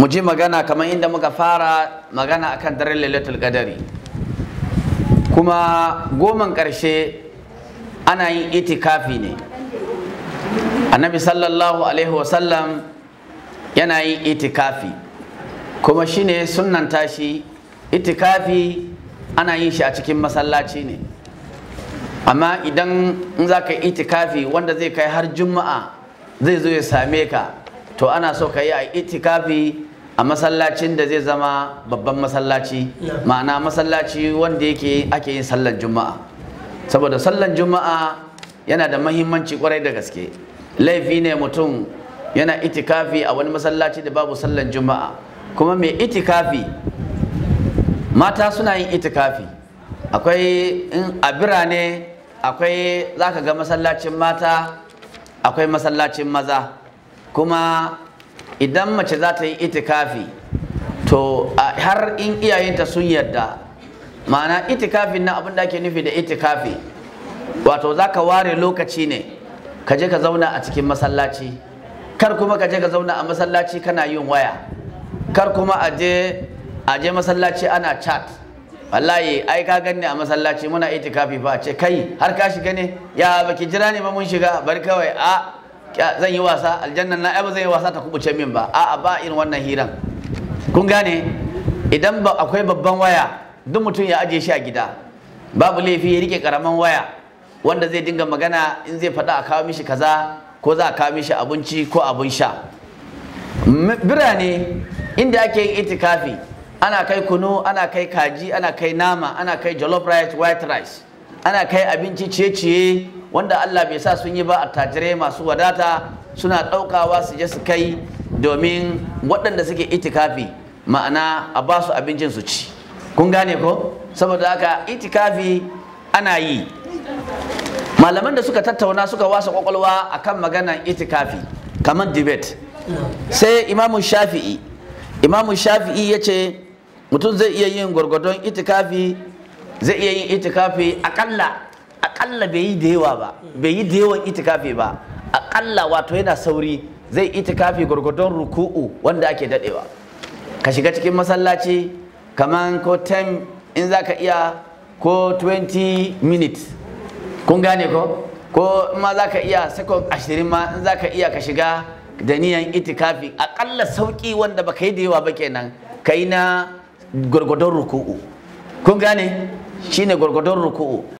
mu ji magana kamar inda muka fara magana akan daren lailatul qadari kuma goman ƙarshe ana yin itikafi ne annabi sallallahu alaihi wasallam yana yin itikafi kuma shine sunan tashi itikafi ana yin shi a cikin masallaci ne amma idan in za ka yi itikafi wanda zai kai har juma'a zai zo ya same ka to ana so ka yi a itikafi a masallacin da zai zama babban masallaci ma'ana masallaci wanda yake ake yin sallar juma'a saboda sallar juma'a yana da mahimmanci kwarai da gaske laifi ne mutum yana itikafi a wani masallaci da babu sallar juma'a kuma mai itikafi mata suna yin itikafi akwai in a birane akwai ka ga masallacin mata akwai masallacin maza kuma idan mace za ta yi itikafi to har in iyayenta sun yarda ma'ana itikafin na abin da ake nufi da itikafi wato za ka ware lokaci ne ka je ka zauna a cikin masallaci kar kuma ka je ka zauna a masallaci kana yin waya kar kuma a je a je masallaci ana chat wallahi ai ka ganni a masallaci muna itikafi ba ce kai har ka shiga ne ya baki jira ne ba mun shiga bari kawai a zan yi wasa aljannan na ba zan yi wasa ta kubuce min ba a'a ba irin wannan hiran kun gane idan ba akwai babban waya duk mutum ya ajiye shi a gida babu laifi ya rike karaman waya wanda zai dinga magana in zai faɗa a kawo mishi kaza ko za a kawo mishi abinci ko abin sha birane inda ake yin itikafi ana kai kunu ana kai kaji ana kai nama ana kai jollof rice white rice ana kai abinci ciye-ciye wanda Allah bai sa sun yi ba attajirai masu wadata suna ɗaukawa su je su kai domin waɗanda suke itikafi ma'ana a ba su abincin su ci kun gane ko saboda haka itikafi ana yi malaman da suka tattauna suka wasa kwakwalwa akan maganan itikafi kamar dibet. sai imamu shafi'i imamu shafi'i ya ce mutum zai iya yin gwargwadon itikafi zai iya yin itikafi akalla akalla bai yi da yawa ba bai yi da yawan itikafi ba akalla wato yana sauri zai itikafi gurgudun ruku'u wanda ake dadewa ka shiga cikin masallaci kaman ko 10 in za ka iya ko 20 minutes kun gane ko ko ma za ka iya sakon 20 ma in za ka iya ka shiga da niyan itikafi akalla sauki wanda baka yi da yawa ba kenan kai na gurgudun ruku'u kun gane shine gurgudun ruku'u